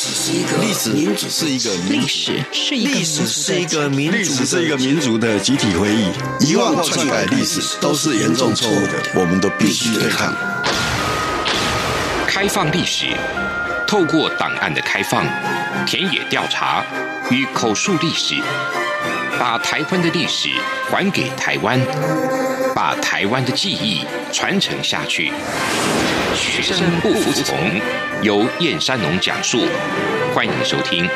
歷史是一個歷史是一個歷史是一個民族的、是、是、是一個民族的集體回憶，遺忘篡改歷史都是嚴重錯誤的，我們都必須對抗。開放歷史，透過檔案的開放、田野調查與口述歷史，把台灣的歷史還給台灣。把台灣的記憶傳承下去。學生不服從，由燕山農講述，歡迎收聽。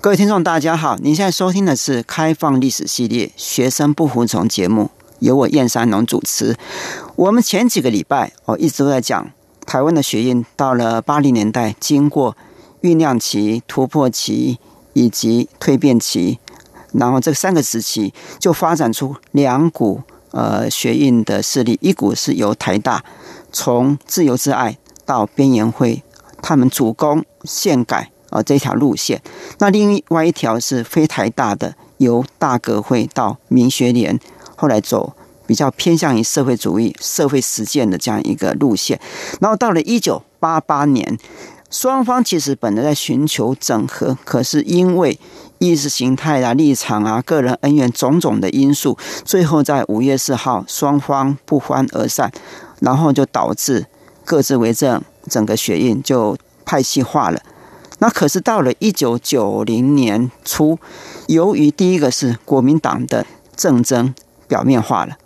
各位聽眾，大家好，您現在收聽的是《開放歷史系列》“學生不服從”節目，由我燕山農主持。我們前幾個禮拜，我一直都在講台灣的學運，到了八零年代，經過醞釀期、突破期、以及蛻變期。然後這三個時期就發展出兩股呃學運的勢力，一股是由台大從自由之愛到編研會，他們主攻憲改啊、呃、這條路線；那另外一條是非台大的，由大革會到民學聯，後來走比較偏向於社會主義社會實踐的這樣一個路線。然後到了一九八八年，雙方其實本來在尋求整合，可是因為，意識形態啊、立場啊、個人恩怨種種的因素，最後在五月四號雙方不歡而散，然後就導致各自為政，整個學運就派系化了。那可是到了一九九零年初，由於第一個是國民黨的政爭表面化了，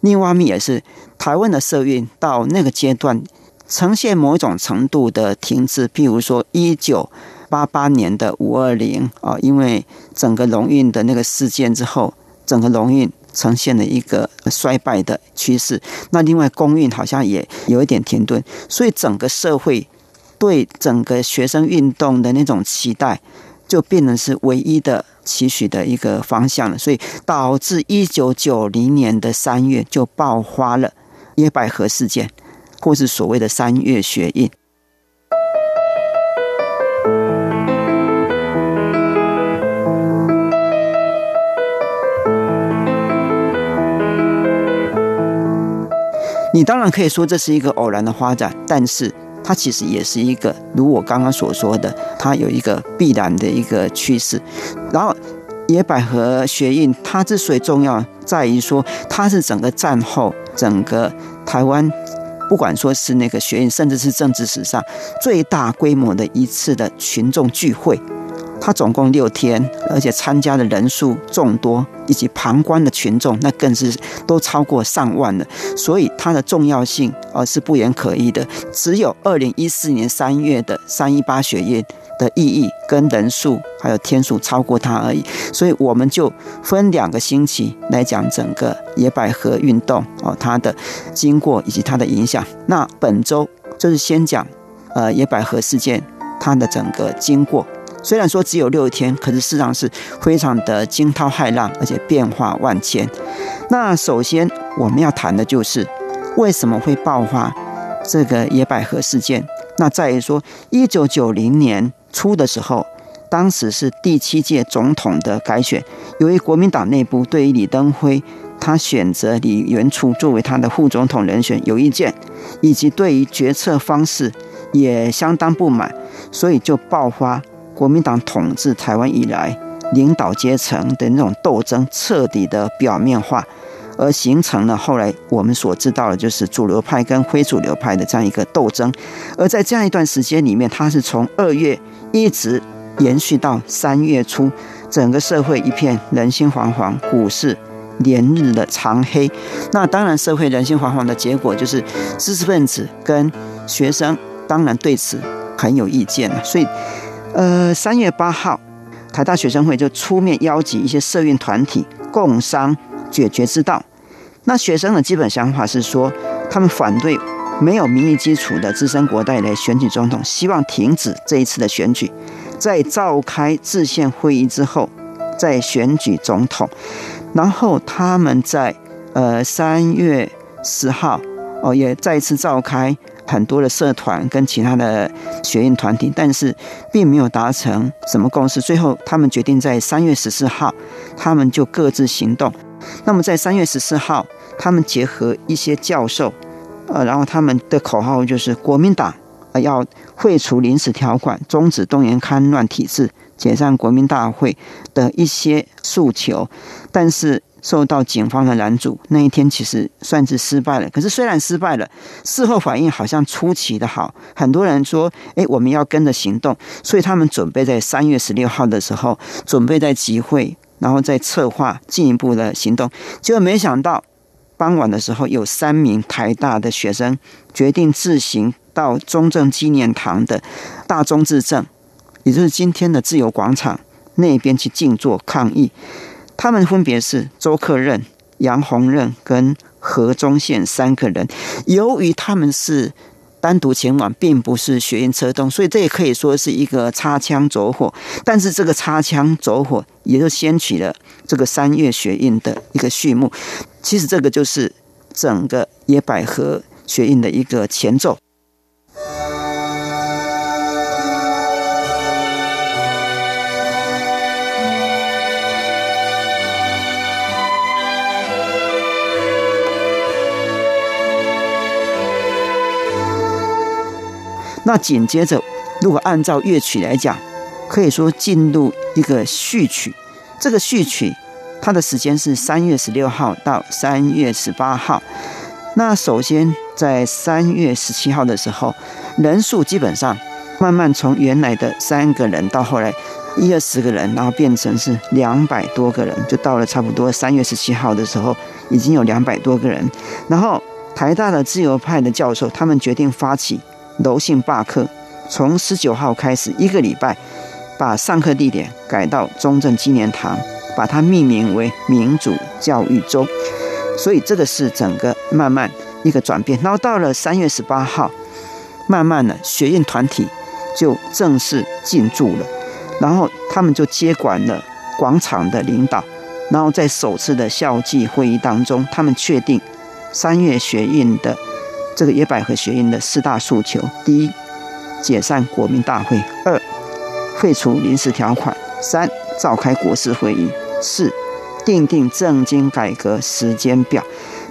另外一面也是台灣的社運到那個階段呈現某一種程度的停滯，譬如說一九。八八年的五二零啊，因為整個農運的那個事件之後，整個農運呈現了一個衰敗的趨勢。那另外工運好像也有一點停頓，所以整個社會對整個學生運動的那種期待，就變成是唯一的期許的一個方向了。所以導致一九九零年的三月就爆發了野百合事件，或是所謂的三月學運。音樂音樂你當然可以說，這是一個偶然的發展，但是它其實也是一個如我剛剛所說的，它有一個必然的一個趨勢。然後，野百合學運它之所以重要，在於說它是整個戰後整個台灣，不管說是那個學運，甚至是政治史上最大規模的一次的群眾聚會。它總共六天，而且參加的人數眾多，以及旁觀的群眾，那更是都超過上萬了。所以它的重要性啊，哦，是不言可喻的。只有二零一四年三月的三一八學運的意義跟人數，還有天數超過它而已。所以我們就分兩個星期來講整個野百合運動哦，它的經過以及它的影響。那本周就是先講呃野百合事件它的整個經過。雖然說只有六天，可是事實上是非常的驚濤駭浪，而且變化萬千。那首先我們要談的就是為什麼會爆發這個野百合事件？那在於說，一九九零年初的時候，當時是第七屆總統的改選，由於國民黨內部對於李登輝他選擇李元簇作為他的副總統人選有意見，以及對於決策方式也相當不滿，所以就爆發。國民黨統治臺灣以來，領導階層的那種鬥爭徹底的表面化，而形成了後來我們所知道的，就是主流派跟非主流派的這樣一個鬥爭。而在這樣一段時間裡面，它是從二月一直延續到三月初，整個社會一片人心惶惶，股市連日的長黑。那當然，社會人心惶惶的結果就是知識分子跟學生當然對此很有意見了，所以。呃，三月八號，台大學生會就出面邀集一些社運團體共商解決之道。那學生的基本想法是說，他們反對沒有民意基礎的資深國代來選舉總統，希望停止這一次的選舉，在召開制憲會議之後再選舉總統。然後他們在呃三月十號哦，也再一次召開。很多的社團跟其他的學院團體，但是並沒有達成什麼共識。最後，他們決定在三月十四號，他們就各自行動。那麼，在三月十四號，他們結合一些教授，呃，然後他們的口號就是國民黨要廢除臨時條款，終止動員戡亂體制，解散國民大會的一些訴求，但是。受到警方的攔阻，那一天其實算是失敗了。可是雖然失敗了，事後反應好像出奇的好。很多人說：“哎，我們要跟着行動。”所以他們準備在三月十六號的時候，準備再集會，然後再策劃進一步的行動。結果沒想到，傍晚的時候，有三名台大的學生決定自行到中正紀念堂的大中至正，也就是今天的自由廣場那邊去靜坐抗議。他們分別是周克任、楊洪任跟何忠憲三個人。由於他們是單獨前往，並不是學運策動，所以這也可以說是一個擦槍走火。但是這個擦槍走火，也就掀起了這個三月學運的一個序幕。其實這個就是整個野百合學運的一個前奏。那緊接着，如果按照樂曲來講，可以說進入一個序曲。這個序曲，它的時間是三月十六號到三月十八號。那首先在三月十七號的時候，人數基本上慢慢從原來的三個人到後來一二十個人，然後變成是兩百多個人，就到了差不多三月十七號的時候，已經有兩百多個人。然後台大的自由派的教授，他們決定發起。柔性罷課，從十九號開始一個禮拜，把上課地點改到中正紀念堂，把它命名為民主教育周。所以這個是整個慢慢一個轉變。然後到了三月十八號，慢慢的學運團體就正式進駐了，然後他們就接管了廣場的領導，然後在首次的校際會議當中，他們確定三月學運的。這個野百合學運的四大訴求：第一，解散國民大會；二，廢除臨時條款；三，召開國事會議；四，訂定政經改革時間表。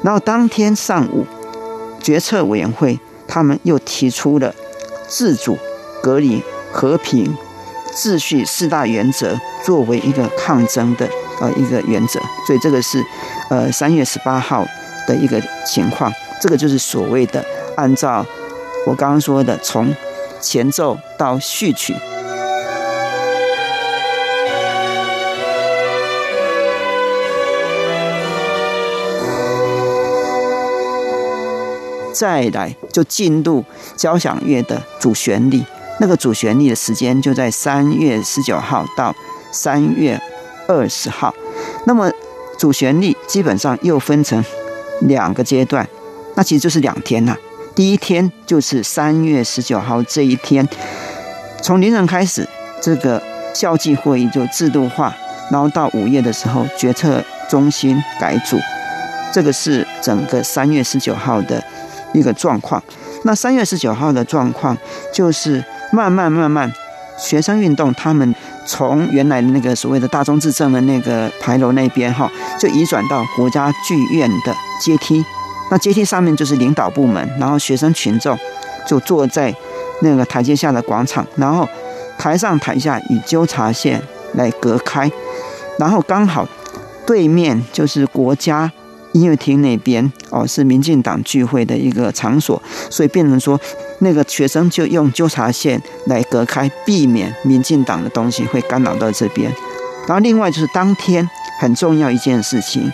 然後當天上午，決策委員會他們又提出了自主、隔離、和平、秩序四大原則，作為一個抗爭的呃一個原則。所以這個是呃三月十八號的一個情況。這個就是所謂的，按照我剛剛說的，從前奏到序曲，再來就進入交響樂的主旋律。那個主旋律的時間就在三月十九號到三月二十號。那麼主旋律基本上又分成兩個階段。那其實就是兩天吶、啊，第一天就是三月十九號這一天，從凌晨開始，這個校際會議就制度化，然後到午夜的時候，決策中心改組，這個是整個三月十九號的一個狀況。那三月十九號的狀況就是慢慢慢慢，學生運動他們從原來的那個所謂的大中至正的那個牌樓那邊哈，就移轉到國家劇院的階梯。那階梯上面就是領導部門，然後學生群眾就坐在那個台階下的廣場，然後台上台下以糾察線來隔開，然後剛好對面就是國家音樂廳那邊哦，是民進黨聚會的一個場所，所以變成說那個學生就用糾察線來隔開，避免民進黨的東西會干擾到這邊。然後另外就是當天很重要一件事情，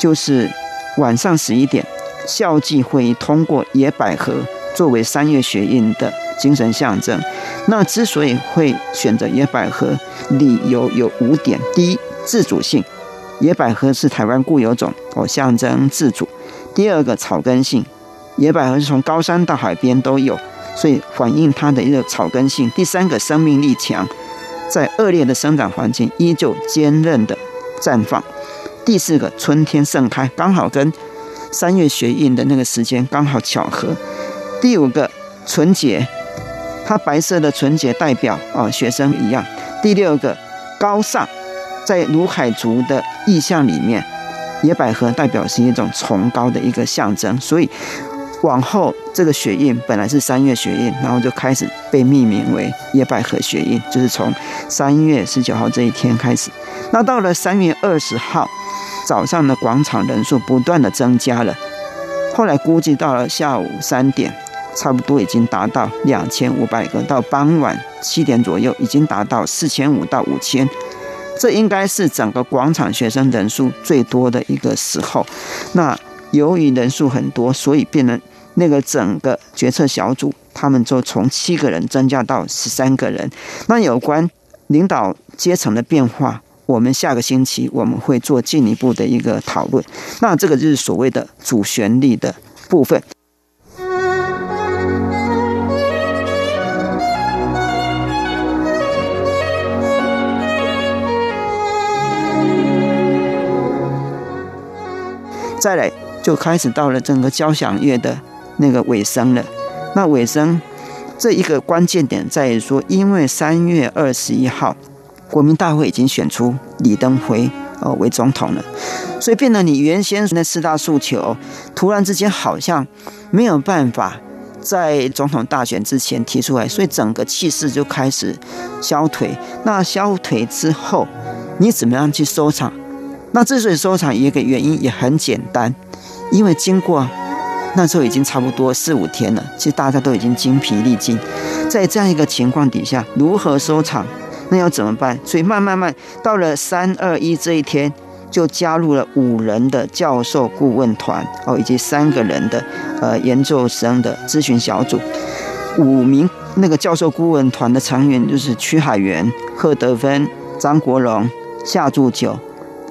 就是晚上十一點。校際會議通過野百合作為三月學運的精神象徵。那之所以會選擇野百合，理由有五點：第一，自主性，野百合是台灣固有種，我、哦、象徵自主；第二個，草根性，野百合是從高山到海邊都有，所以反映它的一個草根性；第三個，生命力強，在惡劣的生長環境依舊堅韌地綻放；第四個，春天盛開，剛好跟。三月學運的那個時間剛好巧合。第五個，純潔，它白色的純潔代表啊、哦、學生一樣。第六個，高尚，在魯凱族的意象裡面，野百合代表是一種崇高的一個象徵。所以往後這個學運本來是三月學運，然後就開始被命名為野百合學運，就是從三月十九號這一天開始。那到了三月二十號。早上的廣場人數不斷地增加了，後來估計到了下午三點，差不多已經達到兩千五百個，到傍晚七點左右，已經達到四千五到五千。這應該是整個廣場學生人數最多的一個時候。那由於人數很多，所以變成那個整個決策小組，他們就從七個人增加到十三個人。那有關領導階層的變化。我們下個星期我們會做進一步的一個討論，那這個就是所謂的主旋律的部分。再來就開始到了整個交響樂的那個尾聲了。那尾聲，這一個關鍵點在於說，因為三月二十一號。國民大會已經選出李登輝哦，為總統了，所以變得你原先那四大訴求，突然之間好像沒有辦法在總統大選之前提出來，所以整個氣勢就開始消退。那消退之後，你怎麼樣去收場？那之所以收場，一個原因也很簡單，因為經過那時候已經差不多四五天了，其實大家都已經精疲力盡，在這樣一個情況底下，如何收場？那要怎麼辦？所以慢慢慢，慢到了三二一這一天，就加入了五人的教授顧問團哦，以及三個人的呃研究生的諮詢小組。五名那個教授顧問團的成員就是瞿海源、賀德芬、張國龍、夏鑄九、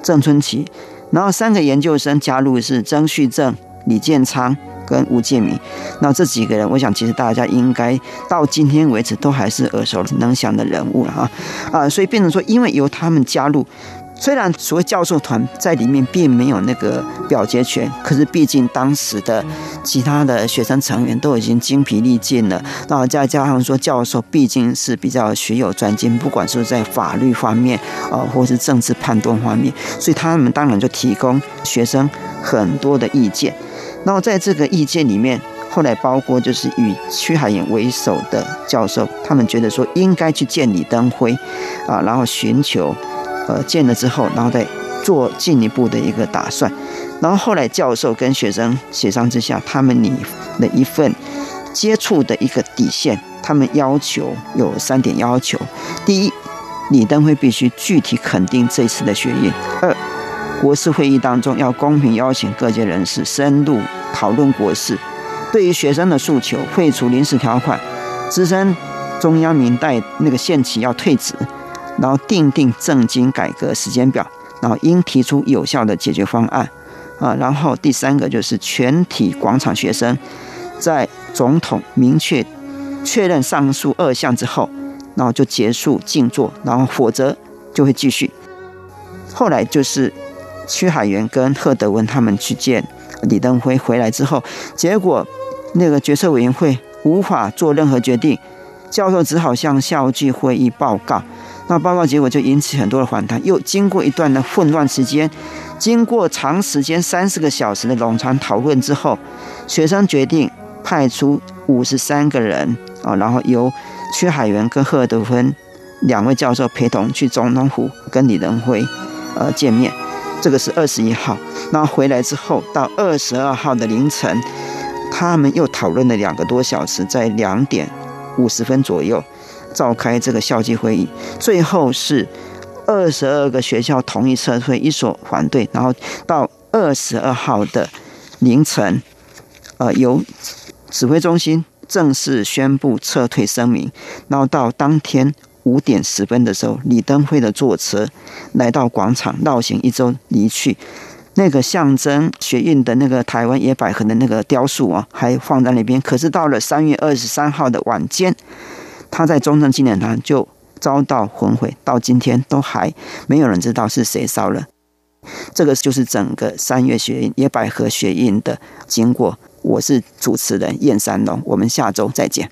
鄭村棋，然後三個研究生加入的是曾旭正、李建昌。跟吳建民，那這幾個人，我想其實大家應該到今天為止都還是耳熟能詳的人物了。啊、哈，啊、呃，所以變成說，因為由他們加入，雖然所謂教授團在裡面並沒有那個表決權，可是畢竟當時的其他的學生成員都已經精疲力盡了，那再加上說教授畢竟是比較學有專精，不管是在法律方面啊、呃，或是政治判斷方面，所以他們當然就提供學生很多的意見。然後在這個意見裡面，後來包括就是以屈海岩為首的教授，他們覺得說應該去見李登輝，啊，然後尋求，呃，見了之後，然後再做進一步的一個打算。然後後來教授跟學生協商之下，他們擬了一份接觸的一個底線，他們要求有三點要求：第一，李登輝必須具體肯定這次的學運；二。國事會議當中要公平邀請各界人士深入討論國事。對於學生的訴求，廢除臨時條款，資深中央民代那個限期要退職，然後訂定政經改革時間表，然後應提出有效的解決方案。啊，然後第三個就是全體廣場學生在總統明確確認上述二項之後，然後就結束靜坐，然後否則就會繼續。後來就是。屈海源跟賀德文他們去見李登輝，回來之後，結果那個決策委員會無法做任何決定，教授只好向校際會議報告。那報告結果就引起很多的反彈。又經過一段的混亂時間，經過長時間三十個小時的冗長討論之後，學生決定派出五十三個人啊，然後由瞿海源跟賀德芬兩位教授陪同去總統府跟李登輝呃見面。這個是二十一號，那回來之後到二十二號的凌晨，他們又討論了兩個多小時，在兩點五十分左右召開這個校際會議，最後是二十二個學校同意撤退，一所反對，然後到二十二號的凌晨，呃，由指揮中心正式宣布撤退聲明，然後到當天。五點十分的時候，李登輝的坐車來到廣場繞行一周離去。那個象徵學運的那個台灣野百合的那個雕塑啊、哦，還放在那邊。可是到了三月二十三號的晚間，他在中正紀念堂就遭到焚毀。到今天都還沒有人知道是誰燒了。這個就是整個三月學運、野百合學運的經過。我是主持人燕三龍，我們下周再見。